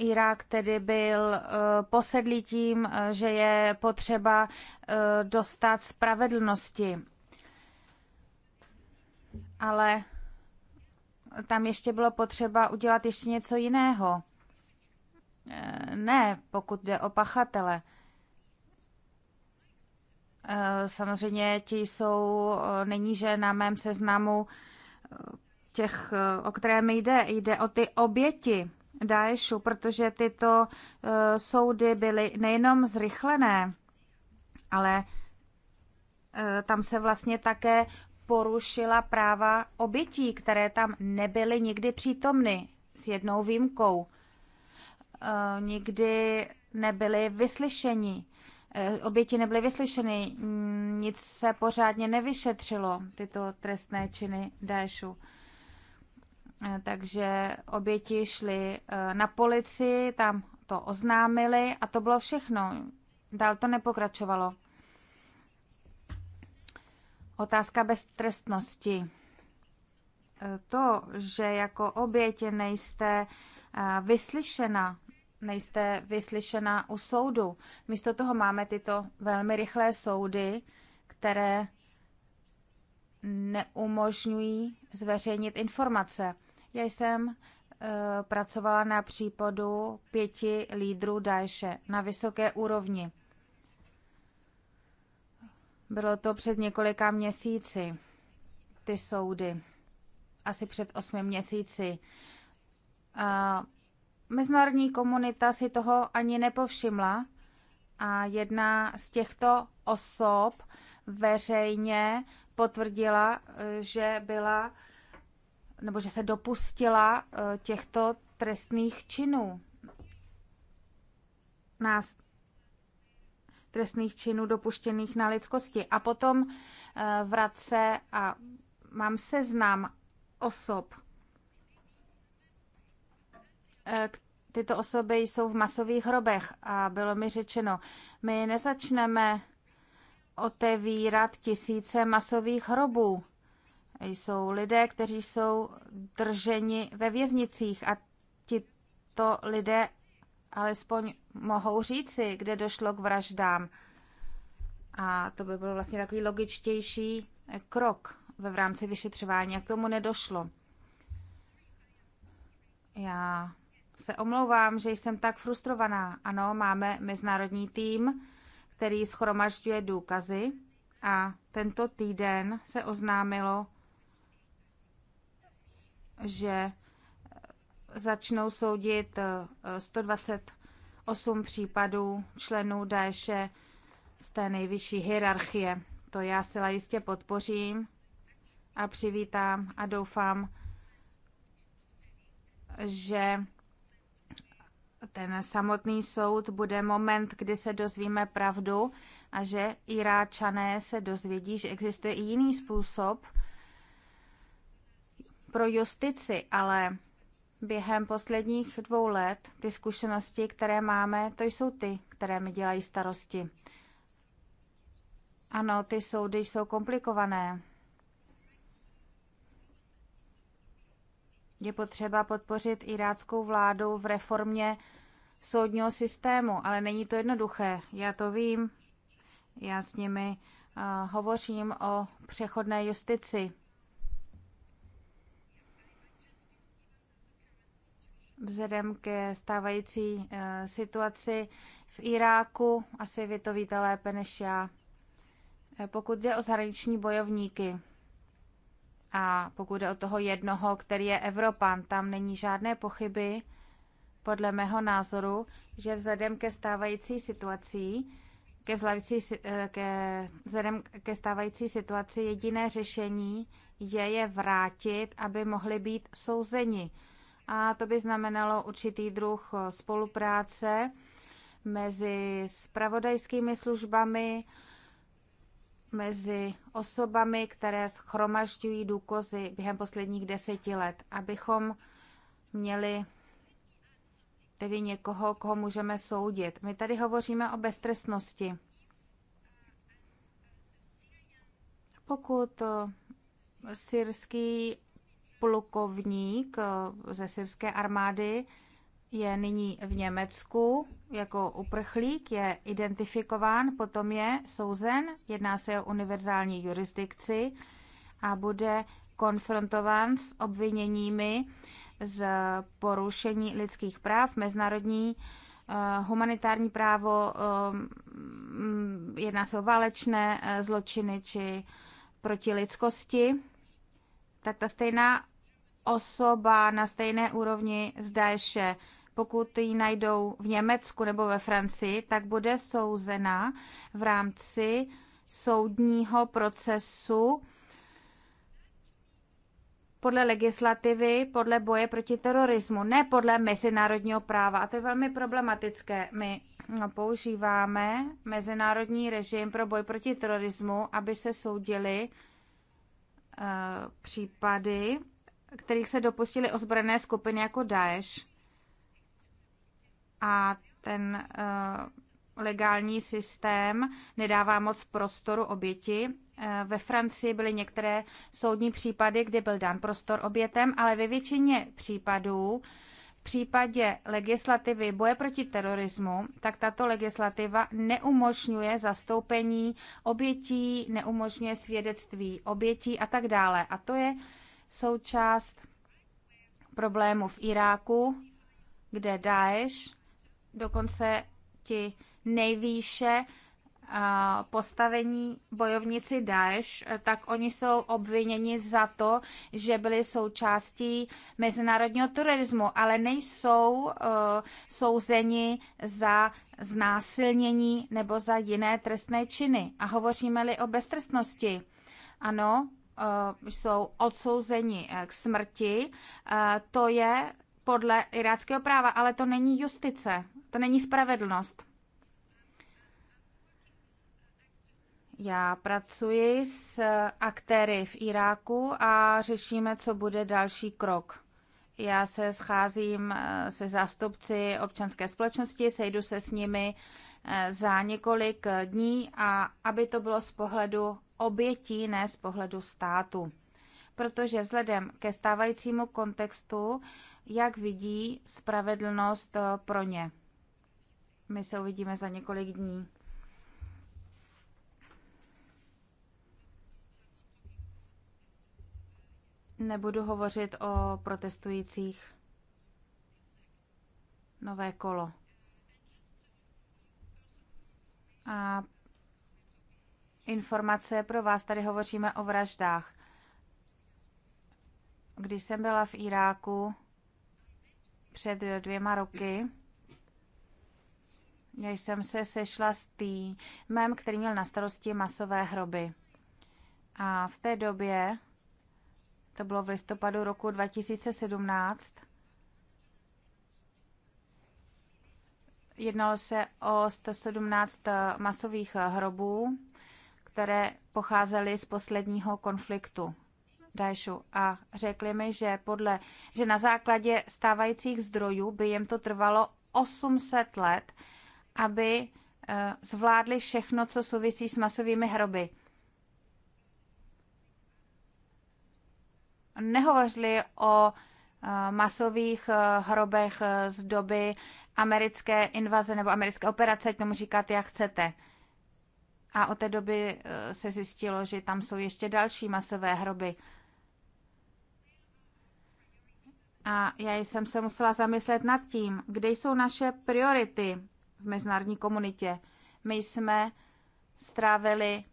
[SPEAKER 3] Irák tedy byl eh, posedlý tím, eh, že je potřeba eh, dostat spravedlnosti. Ale tam ještě bylo potřeba udělat ještě něco jiného. Ne, pokud jde o pachatele. Samozřejmě ti jsou, není, že na mém seznamu těch, o které mi jde, jde o ty oběti Daešu, protože tyto eh, soudy byly nejenom zrychlené, ale eh, tam se vlastně také porušila práva obětí, které tam nebyly nikdy přítomny, s jednou výjimkou. Eh, nikdy nebyly vyslyšeni. Oběti nebyly vyslyšeny, mm, nic se pořádně nevyšetřilo, tyto trestné činy Daešu. Eh, takže oběti šly eh, na policii, tam to oznámili a to bylo všechno. Dál to nepokračovalo. Otázka trestnosti. Eh, to, že jako obětě nejste vyslyšena, nejste vyslyšena u soudu. Místo toho máme tyto velmi rychlé soudy, které neumožňují zveřejnit informace. Já jsem eh, pracovala na případu pěti lídrů Daeše na vysoké úrovni. Bylo to před několika měsíci, ty soudy, asi před osmi měsíci. A mezinárodní komunita si toho ani nepovšimla a jedna z těchto osob veřejně potvrdila, eh, že byla nebo že se dopustila eh, těchto trestných činů. Nás trestných činů dopuštěných na lidskosti. A potom eh, vrace a mám seznam osob. Eh, tyto osoby jsou v masových hrobech a bylo mi řečeno, my nezačneme otevírat tisíce masových hrobů jsou lidé, kteří jsou drženi ve věznicích a tito lidé alespoň mohou říci, kde došlo k vraždám. A to by byl vlastně takový logičtější krok ve v rámci vyšetřování. jak k tomu nedošlo. Já se omlouvám, že jsem tak frustrovaná. Ano, máme mezinárodní tým, který schromažďuje důkazy a tento týden se oznámilo, že začnou soudit 128 eh, případů členů Daeše z té nejvyšší hierarchie. To já si jistě podpořím a přivítám a doufám, že ten samotný soud bude moment, kdy se dozvíme pravdu a že Iráčané se dozvědí, že existuje i jiný způsob, pro justici, ale během posledních dvou let ty zkušenosti, které máme, to jsou ty, které mi dělají starosti. Ano, ty soudy jsou komplikované. Je potřeba podpořit iráckou vládu v reformě soudního systému, ale není to jednoduché. Já to vím. Já s nimi uh, hovořím o přechodné justici. vzhledem ke stávající eh, situaci v Iráku. Asi vy to víte lépe než já. Eh, pokud jde o zahraniční bojovníky a pokud jde o toho jednoho, který je Evropan, tam není žádné pochyby, podle mého názoru, že vzhledem ke stávající situaci ke, vzlavící, eh, ke, vzhledem ke stávající situaci jediné řešení je je vrátit, aby mohli být souzeni a to by znamenalo určitý druh eh, spolupráce mezi spravodajskými službami, mezi osobami, které schromažďují důkazy během posledních deseti let, abychom měli tedy někoho, koho můžeme soudit. My tady hovoříme o beztrestnosti. Pokud eh, syrský plukovník eh, ze syrské armády je nyní v Německu jako uprchlík, je identifikován, potom je souzen, jedná se o univerzální jurisdikci a bude konfrontován s obviněními z porušení lidských práv, mezinárodní eh, humanitární právo, eh, jedná se o válečné zločiny či proti lidskosti, tak ta stejná osoba na stejné úrovni z Daeše, pokud ji najdou v Německu nebo ve Francii, tak bude souzena v rámci soudního procesu podle legislativy, podle boje proti terorismu, ne podle mezinárodního práva. A to je velmi problematické. My no, používáme mezinárodní režim pro boj proti terorismu, aby se soudili uh, eh, případy kterých se dopustili ozbrojené skupiny jako Daesh. A ten uh, legální systém nedává moc prostoru oběti. Uh, ve Francii byly některé soudní případy, kdy byl dán prostor obětem, ale ve většině případů v případě legislativy boje proti terorismu, tak tato legislativa neumožňuje zastoupení obětí, neumožňuje svědectví obětí a tak dále. A to je uh, součást problému v Iráku, kde Daesh, dokonce ti nejvýše postavení bojovníci Daesh, tak oni jsou obviněni za to, že byli součástí mezinárodního terorismu, ale nejsou uh, souzeni za znásilnění nebo za jiné trestné činy. A hovoříme-li o beztrestnosti, ano, Eh, jsou odsouzeni eh, k smrti. Eh, to je podle iráckého práva, ale to není justice, to není spravedlnost. Já pracuji s aktéry v Iráku a řešíme, co bude další krok. Já se scházím se zástupci občanské společnosti, sejdu se s nimi za několik dní a aby to bylo z pohledu obětí, ne z pohledu státu. Protože vzhledem ke stávajícímu kontextu, jak vidí spravedlnost eh, pro ně. My se uvidíme za několik dní. Nebudu hovořit o protestujících. Nové kolo. A informace pro vás. Tady hovoříme o vraždách. Když jsem byla v Iráku před dvěma roky, když jsem se sešla s týmem, který měl na starosti masové hroby. A v té době, to bylo v listopadu roku 2017, jednalo se o 117 masových hrobů které pocházely z posledního konfliktu Daešu a řekli mi, že, podle, že na základě stávajících zdrojů by jim to trvalo 800 let, aby eh, zvládli všechno, co souvisí s masovými hroby. Nehovořili o eh, masových eh, hrobech z doby americké invaze nebo americké operace, tomu říkáte, jak chcete. A od té doby eh, se zjistilo, že tam jsou ještě další masové hroby. A já jsem se musela zamyslet nad tím, kde jsou naše priority v mezinárodní komunitě. My jsme strávili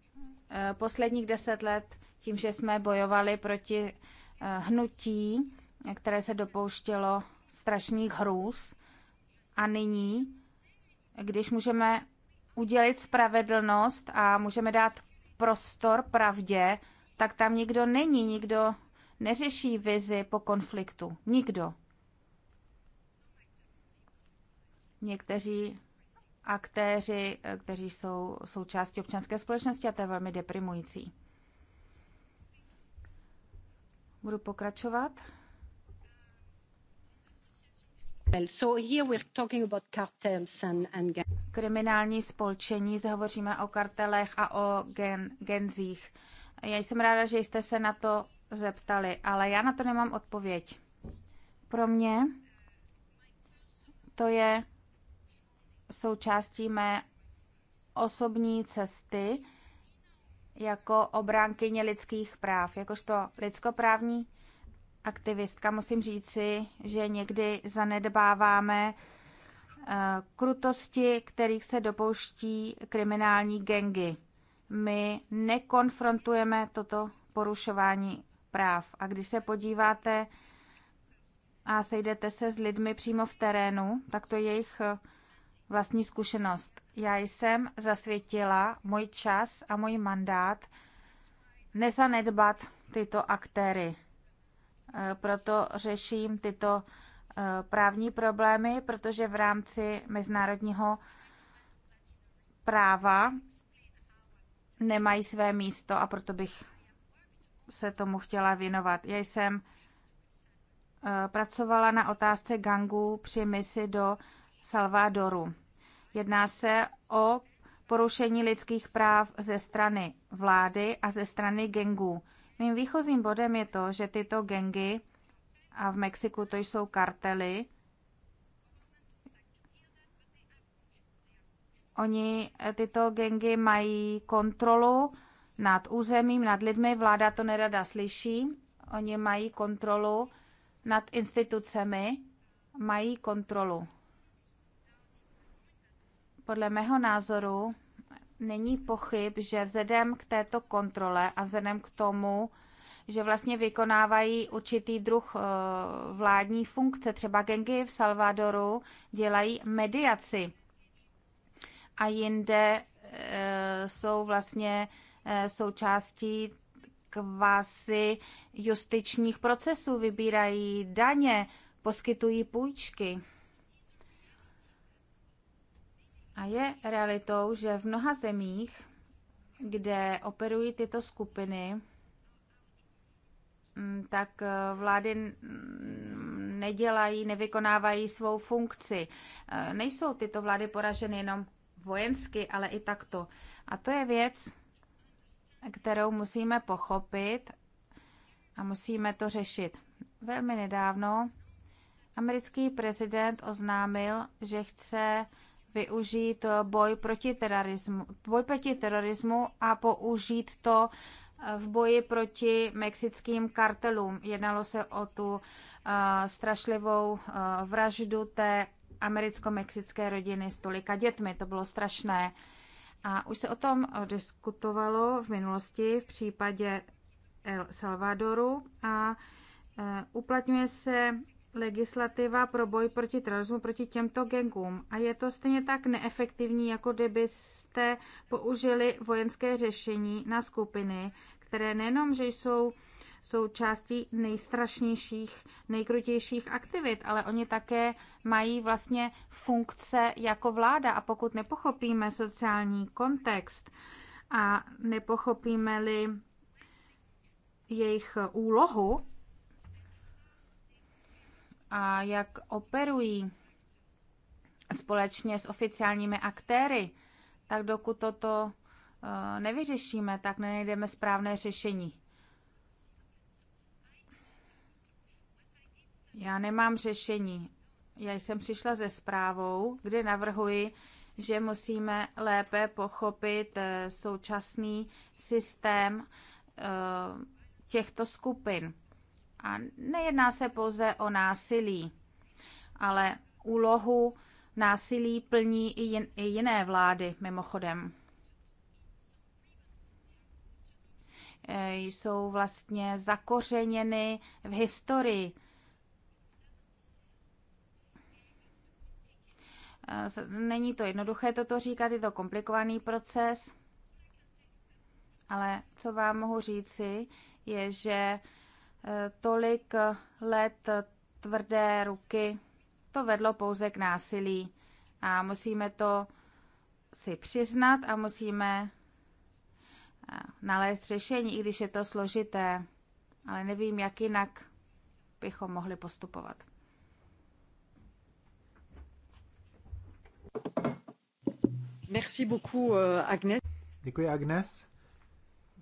[SPEAKER 3] eh, posledních deset let tím, že jsme bojovali proti eh, hnutí, které se dopouštělo strašných hrůz. A nyní, když můžeme udělit spravedlnost a můžeme dát prostor pravdě, tak tam nikdo není, nikdo neřeší vizi po konfliktu. Nikdo. Někteří aktéři, kteří jsou součástí občanské společnosti a to je velmi deprimující. Budu pokračovat. Kriminální spolčení, zde hovoříme o kartelech a o gen, genzích. Já jsem ráda, že jste se na to zeptali, ale já na to nemám odpověď. Pro mě to je součástí mé osobní cesty jako obránkyně lidských práv, jakožto lidskoprávní aktivistka, musím říci, že někdy zanedbáváme eh, krutosti, kterých se dopouští kriminální gengy. My nekonfrontujeme toto porušování práv. A když se podíváte a sejdete se s lidmi přímo v terénu, tak to je jejich eh, vlastní zkušenost. Já jsem zasvětila můj čas a můj mandát nezanedbat tyto aktéry. Eh, proto řeším tyto eh, právní problémy, protože v rámci mezinárodního práva nemají své místo a proto bych se tomu chtěla věnovat. Já jsem eh, pracovala na otázce gangů při misi do Salvadoru. Jedná se o porušení lidských práv ze strany vlády a ze strany gangů. Mým výchozím bodem je to, že tyto gengy, a v Mexiku to jsou kartely, oni eh, tyto gengy mají kontrolu nad územím, nad lidmi, vláda to nerada slyší, oni mají kontrolu nad institucemi, mají kontrolu. Podle mého názoru není pochyb, že vzhledem k této kontrole a vzhledem k tomu, že vlastně vykonávají určitý druh eh, vládní funkce, třeba gengy v Salvadoru dělají mediaci a jinde eh, jsou vlastně eh, součástí kvasy justičních procesů, vybírají daně, poskytují půjčky. A je realitou, že v mnoha zemích, kde operují tyto skupiny, mm, tak eh, vlády nedělají, nevykonávají svou funkci. Eh, nejsou tyto vlády poraženy jenom vojensky, ale i takto. A to je věc, kterou musíme pochopit a musíme to řešit. Velmi nedávno americký prezident oznámil, že chce využít eh, boj proti terorismu, boj proti terorismu a použít to eh, v boji proti mexickým kartelům. Jednalo se o tu uh, strašlivou uh, vraždu té americko-mexické rodiny s tolika dětmi. To bylo strašné. A už se o tom diskutovalo v minulosti v případě El Salvadoru a uh, uplatňuje se legislativa pro boj proti terorismu proti těmto gangům. A je to stejně tak neefektivní, jako kdybyste použili vojenské řešení na skupiny, které nejenom, že jsou součástí nejstrašnějších, nejkrutějších aktivit, ale oni také mají vlastně funkce jako vláda. A pokud nepochopíme sociální kontext a nepochopíme-li jejich úlohu, a jak operují společně s oficiálními aktéry, tak dokud toto eh, nevyřešíme, tak nenajdeme správné řešení. Já nemám řešení. Já jsem přišla se zprávou, kde navrhuji, že musíme lépe pochopit eh, současný systém eh, těchto skupin. A nejedná se pouze o násilí, ale úlohu násilí plní i jiné vlády, mimochodem. E, jsou vlastně zakořeněny v historii. E, není to jednoduché toto říkat, je to komplikovaný proces, ale co vám mohu říci, je, že tolik let tvrdé ruky, to vedlo pouze k násilí. A musíme to si přiznat a musíme nalézt řešení, i když je to složité. Ale nevím, jak jinak bychom mohli postupovat.
[SPEAKER 2] Merci beaucoup, euh, Agnes. Děkuji, Agnes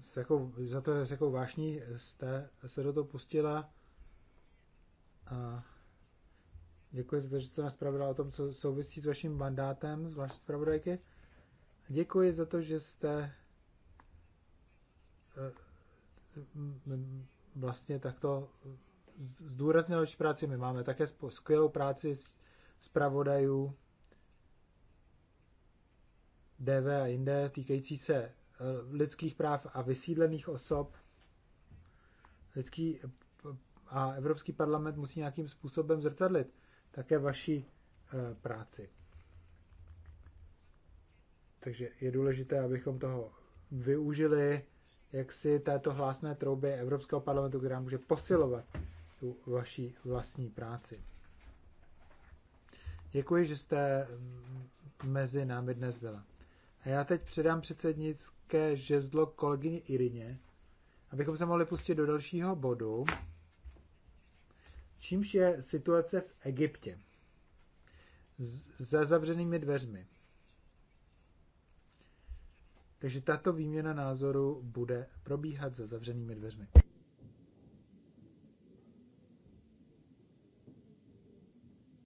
[SPEAKER 2] s takovou, za to, s jakou vášní jste se do toho pustila. A děkuji za to, že jste nás pravila o tom, co souvisí s vaším mandátem, s vaší zpravodajky. Děkuji za to, že jste eh, vlastně takto zdůraznil naši práci. My máme také skvělou práci zpravodajů DV a jinde týkající se Eh, lidských práv a vysídlených osob. Lidský a Evropský parlament musí nějakým způsobem zrcadlit také vaší eh, práci. Takže je důležité, abychom toho využili, jak si této hlásné trouby Evropského parlamentu, která může posilovat tu vaší vlastní práci. Děkuji, že jste mm, mezi námi dnes byla. A já teď předám předsednické žezlo kolegyni Irině, abychom se mohli pustit do dalšího bodu, čímž je situace v Egyptě. Za zavřenými dveřmi. Takže tato výměna názoru bude probíhat za zavřenými dveřmi.